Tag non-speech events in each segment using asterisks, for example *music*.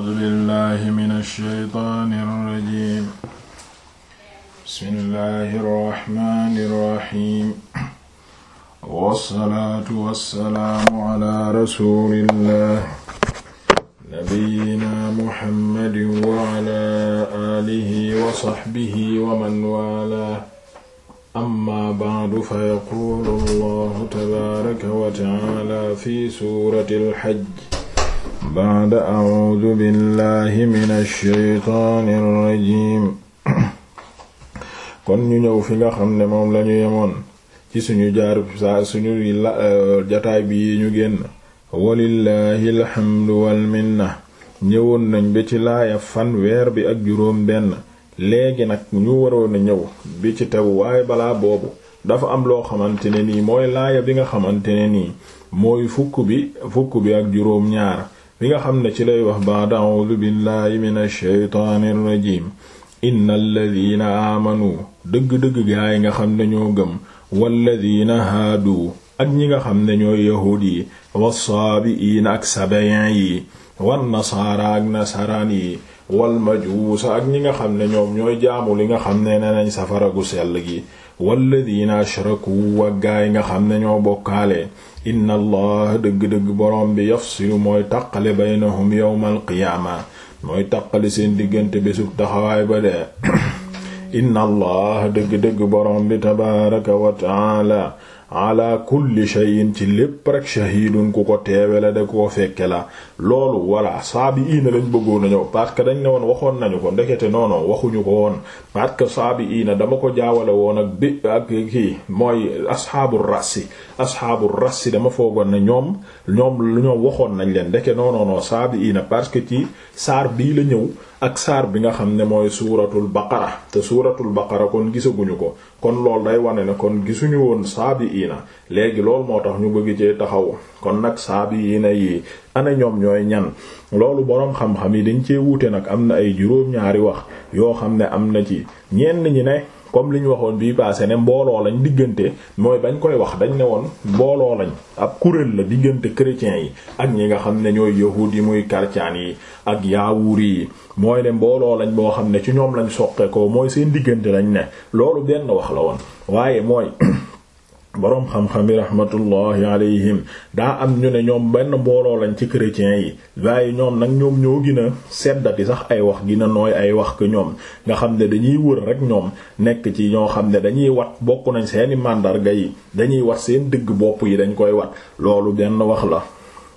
A'uuzu billaahi mina shaytaani rajiim. Bismillaahi rahmaani rahiim. Wassalaatu wassalaamu alaa rasuulillaahi nabiyyinaa Muhammadin wa alaa aalihi wa sahbihi wa man waalaahu. Amma ba'du fayaquulu Allaahu tabaaraka wa ta'aalaa fi suuratil hajj. baada audu billahi min alsheytaani irrajim kon ñu ñëw fi nga xam ne moom lañu yemoon ci suñu jaar saa suñu euh, jataay bi ñu génn walillahi alhamdu walminna ñëwoon nañ ba ci laaya fanweer bi ak juróom benn léegi nag ñu waroon a ñëw bi ci tegu waaye balaa boobu dafa am loo xamante ne nii mooy laaya bi nga xamante ne nii mooy fukk bi fukk bi ak juróom ñaar li nga xam ne ci lay wax baad a'uudu billahi minash shaytaanir rajiim innal ladina aamanu dëgg-dëgg gaay nga xam ne ñoo gëm walladina haadu ak ñi nga xam ne ñooy yahuud yi wassaabi'iina ak sabayen yi wan nasaara ak nasaraan yi wal majuusa ak ñi nga xam ne ñoom ñooy jaamu li nga xam ne nee nañ safara gu sell gi walladina ashraku wa gaay nga xam ne ñoo bokkaale inna allah dëgg-dëgg borom bi yafsilu mooy taqale baynahum yawmal qiyaama mooy taqale seen diggante bésub taxawaay ba de *clears throat* inna allah dëgg-dëgg borom bi tabaaraka wa taala ala kulli shay'in ci lépp rekk shahidun ku ko teewe la de ku ko fekke la loolu voilà saabiina lañ bëggoon a ñëw parce que dañ ne woon waxoon nañu ko ndekete non waxuñu ko woon parce que saabiina dama ko jaawale woon ak bi ak kii mooy asxaabu rassi asxaabu rassi dama foogoon ne ñoom ñoom lu ñoom waxoon nañ leen ndeke non non non saabiina parce que ci saar bii la ñëw ak saar bi nga xam ne mooy suuratul baqara te suuratul baqara kon gisaguñu ko kon loolu day wane ne kon gisuñu woon saabiina léegi loolu moo tax ñu bëgg cee taxaw kon nag saabiina yi ana ñoom ñooy ñan loolu boroom xam-xam yi dañ cee wuute nag am na ay juróom-ñaari wax yoo xam ne am na ci ñenn ñi ne comme li ñu waxoon bii passé ne mbooloo lañ diggante mooy bañ koy wax dañ ne woon mbooloo lañ ab kuréel la diggante chrétiens yi ak ñi nga xam ne ñooy yahuud yi muy karcaan yi ak yaawuur yi mooy ne mbooloo lañ boo xam ne ci ñoom lañ soqe mooy seen diggante lañ ne loolu benn wax la woon waaye mooy boroom xam-xami rahmatullahi alayhim daa am ñu ne ñoom benn mbooloo lañ ci chrétiens yi waaye ñoom nag ñoom ñoo gina a seddati sax ay wax gina nooy ay wax ko ñoom nga xam ne dañuy wër rek ñoom nekk ci ñoo xam ne dañuy wat bokk nañ seeni màndarga yi dañuy wat seen dëgg bopp yi dañ koy wat loolu benn wax la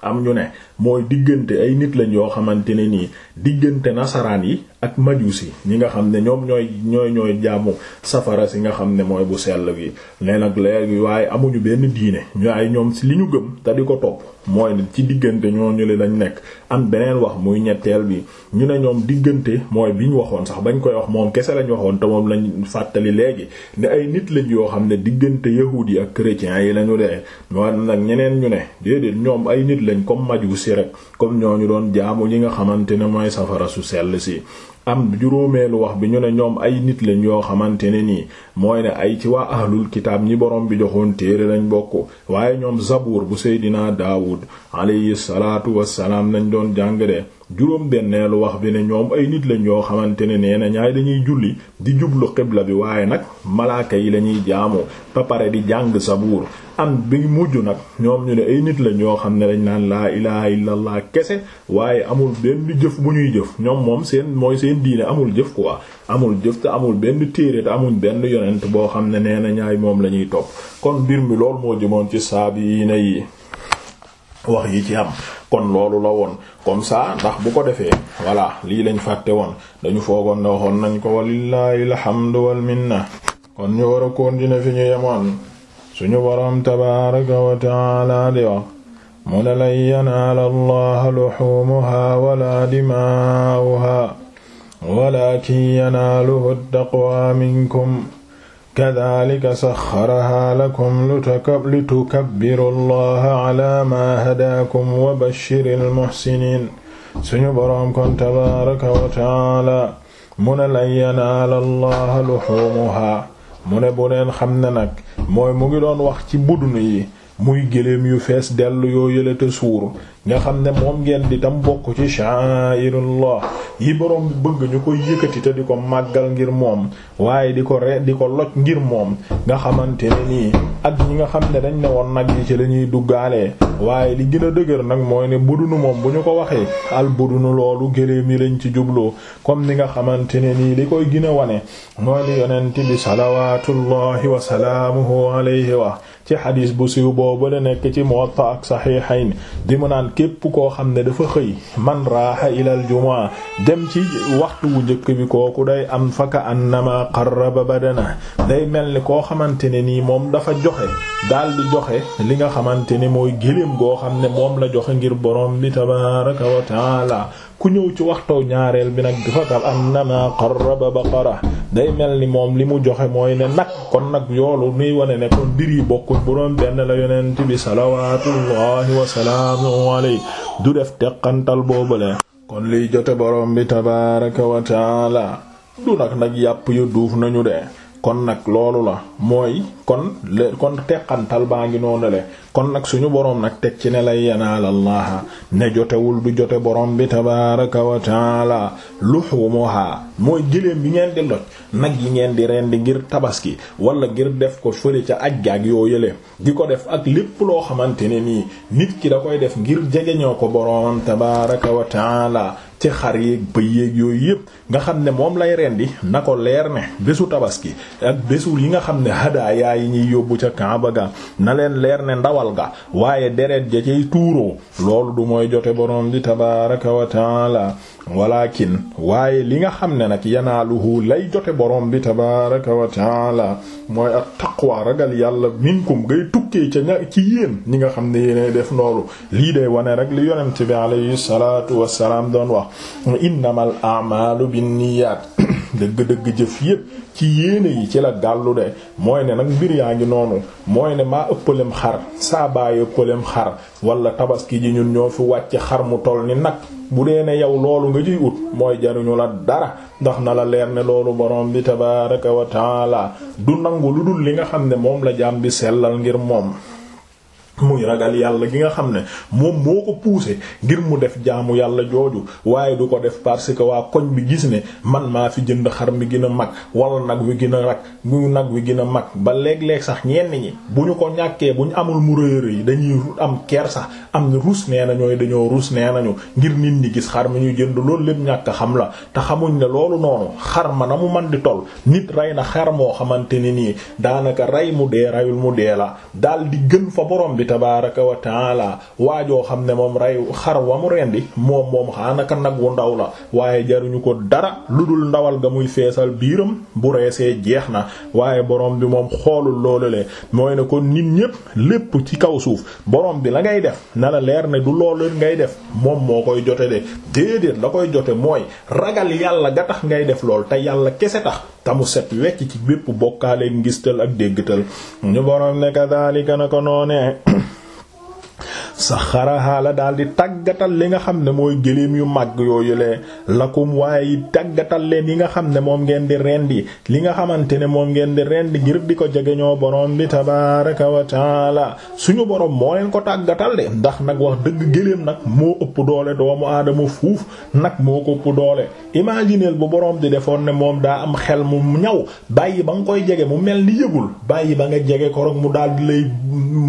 am ñu ne mooy diggante ay nit lañ yoo xamante ne nii diggante nasaraan yi ak majusi ñi nga xam ne ñoom ñooy ñooy ñooy jaamu safara si nga xam ne mooy bu sell bi nee nag léegi waaye amuñu benn diine waaye ñoom si li ñu gëm te di ko topp mooy ci diggante ñooñu li lañ nekk am beneen wax muy ñetteel bi ñu ne ñoom diggante mooy bi ñu waxoon sax bañ koy wax moom kese lañ waxoon te moom lañ fàttali léegi ne ay nit lañ yoo xam ne diggante yahuud yi ak chrétiens yi lañu dee ñoo nag ñeneen ñu ne déedéet ñoom ay nit lañ comme majusi si rek comme ñooñu doon jaamu ñi nga xamante ne mooy safara su sell si am juróomeelu wax bi ñu ne ñoom ay nit lañ yoo xamante ne nii mooy ne ay ci waa ahlul kitaab ñi borom bi joxoon téere lañ bokk waaye ñoom zabuur bu seydinaa daawud alayhi salaatu wassalaam lañ doon jàng de juróom benneelu wax bi ne ñoom ay nit lañ yoo xamante ne nee na ñaay dañuy julli di jublu xibla bi waaye nag malaaka yi lañuy jaamoo ba di jàng sa sabuur am bi mujj nag ñoom ñu ne ay nit lañ yoo xam ne dañ naan laa ilaha illallah kese waaye amul benn jëf bu ñuy jëf ñoom moom seen mooy seen diine amul jëf quoi amul jëf te amul benn téere te amul benn yonent boo xam ne nee na ñaay moom la ñuy topp kon mbir mi lool moo jëmoon ci saabi yi na yi wax yi ci am kon loolu la kon comme ndax bu ko defee voilà lii lañ fàtte won dañu foogoon ne waxoon nañ ko walillahi alhamdu wal minna kon ñu war a continuer fi ñu yemoon suñu boroom tabaaraka wa di wax mu ne lan yanaala allaha luxuumuhaa wala dimaa'uhaa walaakin yanaaluhu ttaqwaa minkum kadhalika saxxarahaa lakum litukabbiru allaha ala maa hadaakum wa bashiril muhsiniin suñu boroom kon tabaaraka wa taala mu ne lan yanaala allaha luxuumuhaa mu ne bu neen xam ne nag mooy mu ngi doon wax ci budnu yi muy gëléem yu fees dellu yoo yëlete suur nga xam ne moom ngeen di tam bokk ci sha'irullah yi borom bi bëgg ñu koy yëkkati te di ko màggal ngir moom waaye di ko re di ko loj ngir moom nga xamante ne nii ak ñi nga xam ne dañ ne woon nag yi ci lañuy duggaale waaye li gën a dëgër nag mooy ne bu budunu moom bu ñu ko waxee al budunu loolu gëléem yi lañ ci jubloo comme ni nga xamante ne nii li koy gina wane mooy li yonent bi salawaatullahi wa salaamuhu alayhi wa ci xadiis bu siiw boobu la nekk ci Muwatta ak Saxiixayn di képp koo xam ne dafa xëy man raaxa ilal jumaa dem ci waxtu wu njëkk bi kooku day am faka annama qarraba na day mel ni koo xamante ne nii moom dafa joxe daal di joxe li nga xamante ne mooy gëléem goo xam ne moom la joxe ngir borom bi tabaaraka wa ku ñëw ci waxtoo ñaareel bi nag fakal annama qarraba baqara day mel ni moom li mu joxe mooy ne nag kon nag yoolu nuy wane ne kon diri bokkuñ bu doon benn la yonent bi salawaatullahi wasalaamu alayhi du def teqantal boobale kon liy jote borom bi tabaraka wa taala du nag yàpp yu duuf nañu de kon nag loolu la mooy kon kon teqantal baa ngi noonu le kon nag suñu borom nag teg ci ne lay yanaal allaha ne jotewul du jote borom bi tabaraka wa taala luxumuha mooy gëléem bi ngeen di loj nag yi ngeen di rend ngir tabaski wala ngir def ko fële ca aj gaag yoo yële di ko def ak lépp loo xamante ne nii nit ki da koy def ngir jegeñoo ko boroom tabaraka wa taala ci xar yeeg ba yeeg yooyu yëpp nga xam ne moom lay rendi na ko leer ne bésu tabaski ak bésu yi nga xam ne hadaaya yi ñuy yóbbu ca Kaaba ga na leen leer ne ndawal ga waaye deret ja cay tuuroo loolu du mooy jote borom di tabaaraka wa taala walakin waaye li nga xam ne nag yanaaluhu lay jote borom bi tabaraka wa taala mooy a taqwa ragal yàlla minkum ngay tukkee ca ña ci ni nga xam ne yéenay def noolu lii day wane rek li yonent bi alayhi salaatu wassalaam doon wax innamal a'malu binniyaat dëgg-dëgg jëf yépp ci yéene yi ci la gàllu de mooy ne nag mbir yaa ngi noonu mooy ne maa ëppalem xar saa baay leem xar wala tabaski ji ñun ñoo fi wàcc xar mu toll ni nag bu dee ne yow loolu nga ciy ut mooy jariñu la dara ndax na la leer ne loolu borom bi tabaaraka wa taala du nangu lu dul li nga xam ne moom la jaam bi sellal ngir moom muy ragal yàlla gi nga xam ne moom moo ko poussé ngir mu def jaamu yàlla jooju waaye du ko def parce que waa koñ bi gis ne man maa fi jënd xar mi gën a mag wala nag wi gën a rak mu nag wi gën a mag ba léeg-léeg sax ñenn ñi bu ñu ko ñàkkee bu ñu amul mu rëy yi dañuy am ker sax am rus nee na ñooy dañoo rus nee nañu ngir nit ñi gis xar mi ñuy jënd loolu lépp ñàkk xam la te xamuñ ne loolu noonu xar ma na mu man di tol nit rey na xar moo xamante ne nii daanaka rey mu de reyul mu dee bi tabaaraka wa taala waajoo xam ne moom rey xar wa mu rendi moom moom xaanaka nag wu ndaw la waaye jaruñu ko dara lu dul ndawal ga muy feesal biiram bu reesee jeex na waaye borom bi moom xoolul loolu le mooy ne ko nit ñépp lépp ci kaw suuf borom bi la ngay def na la leer ne du loolu ngay def moom moo koy jote de déedéet la koy jote mooy ragal yàlla ga tax ngay def lool te yàlla kese tax tamu set wecc ci bépp bokkaale ngistal ak déggtal saxaraha la daal di tàggatal li nga xam ne mooy gëléem yu màgg yooyulee lakum waaye tàggatal leen yi nga xam ne moom ngeen di rendi li nga xamante ne moom ngeen di rendi ngir di ko jegeñoo borom bi tabaraka wa taala suñu borom moo leen ko tàggatal de ndax nag wax dëgg gëléem nag moo ëpp doole doomu aadama fuuf nag moo ko ëpp doole imagineel bu borom di defoon ne moom daa am xel mu ñaw bàyyi ba nga koy jege mu mel ni yëgul bàyyi ba nga jege ko rek mu daal di lay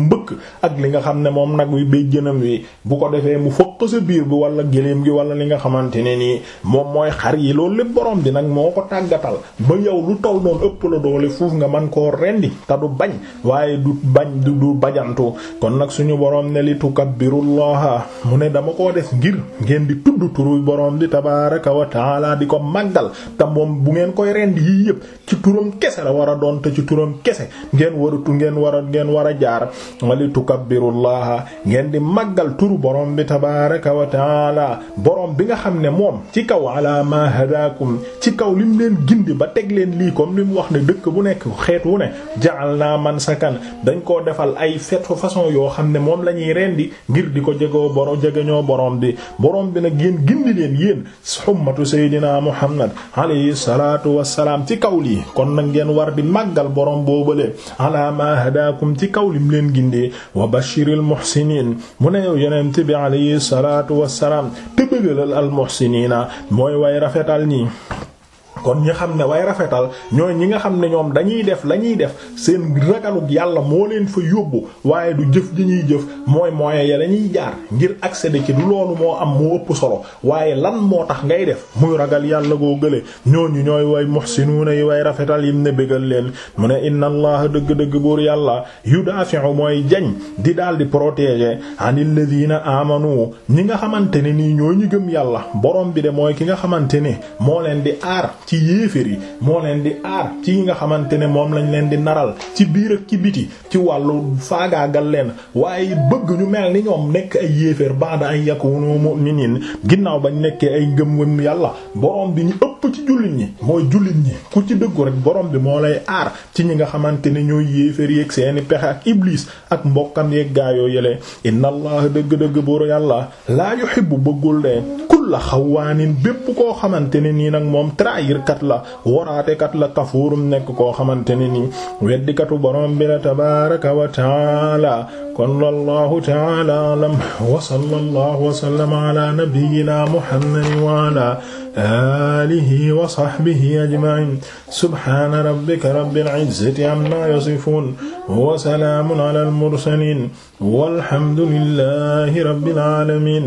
mbëkk ak li nga xam ne moom nag wi wi jënam wi bu ko defee mu fëq sa biir bi wala géléem gi wala li nga xamante ne nii moom mooy xar yi loo lépp borom di nag moo ko tàggatal ba yow lu taw doon ëpp la doole foofu nga man koo rendi te du bañ waaye du bañ du du bajantu kon nag suñu borom ne li tukabbirullaha mu ne dama koo def ngir ngeen di tudd turu borom di tabaaraka wa taala di ko màggal te moom bu ngeen koy rendi yii yëpp ci turam kese la war a doon te ci turam kese ngeen waratu war ngeen di màggal turu borom bi tabaaraka wa taala borom bi nga xam ne moom ci kaw ala ma hadakum ci kaw lim leen gindi ba teg leen lii comme li mu wax ne dëkk bu nekk xeet wu ne jaal naa man sakan dañ koo defal ay fet façon yoo xam ne moom la ñuy rendi ngir di ko jegoo borom jegeñoo borom bi borom bi nag yéen gindi leen yéen xummatu seydina muhammad alayhi salaatu wassalaam ci kaw lii kon nag ngeen war di màggal borom boobale ala ma hadakum ci kaw lim leen gindi wa bashiril muhsinin muhsinin mu ne yow yonent bi alayhi salaatu wassalaam te bëggalal al muhsiniina mooy way rafetal nii kon ñi xam ne way rafetal ñooy ñi nga xam ne ñoom dañuy def lañuy def seen ragalug yàlla moo leen fa yóbbu waaye du jëf ji ñuy jëf mooy moyen ya la jaar ngir accéder ci du loolu moo am mu ëpp solo waaye lan moo tax ngay def muy ragal yàlla goo gële ñooñu ñooy way muhsinuuna yi way rafetal yim ne bégal leen mu ne inna allaha dëgg-dëgg buur yàlla yudafi'u mooy jañ di daal di protéger anil ladina amanu ñi nga xamante ni nii ñoo ñu gëm yàlla borom bi de nga xamante ne ci yéeféer yi moo leen di aar ci yi nga xamante ne moom lañ leen di naral ci biir ak ci biti ci wàllu faagaagal leen waaye bëgg ñu mel ni ñoom nekk ay yéeféer baada ay yakunu mu'minin ginnaaw bañ nekkee ay ngëm-ngëm yàlla borom bi ñu ëpp ci jullit ñi mooy jullit ñi ku ci dëggu rek borom bi moo lay aar ci ñi nga xamante ne ñooy yéeféer yeeg seeni pexe ak iblis ak mbokkam yeeg gaayoo yële inna allah dëgg-dëgg buur yàlla laa yuhibbu bëggul de kulla xawaanin bépp koo xamante ne nii nag moom trahir kat la waraate kat la kafuurum nekk koo xamante ne nii weddikatu borom bi la tabaaraka wa taala kon wallahu taala alam wa sallallahu wa sallama ala nabiyyina muhammadin wa ala alihi wa sahbihi ajma'in subhana rabbika rabbil izzati amma yasifun wa salamun ala al mursalin walhamdulillahi rabbil alamin